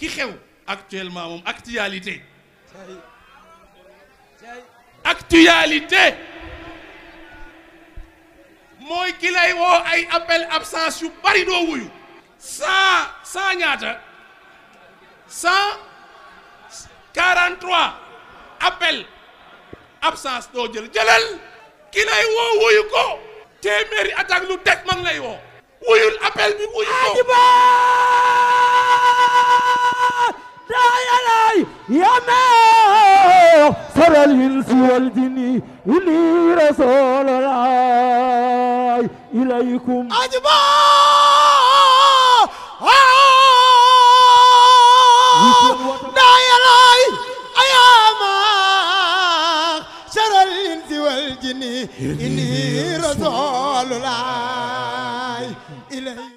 ki xew actuellement moom actualité actualité Moi, ki lay woo ay appel absence yu bari doo wuyu cent cent ñaata cent quarante appel absence doo jël jëlal ki lay woo wuyu ko téeméeri attaque lu teg ma ngi lay woo wuyul appel bi wuyu ko يا مصر الإنس والجن إلي رسول الله إليكم أجمع لا يلاي أيام شر الإنس والجن إلي رسول الله إليكم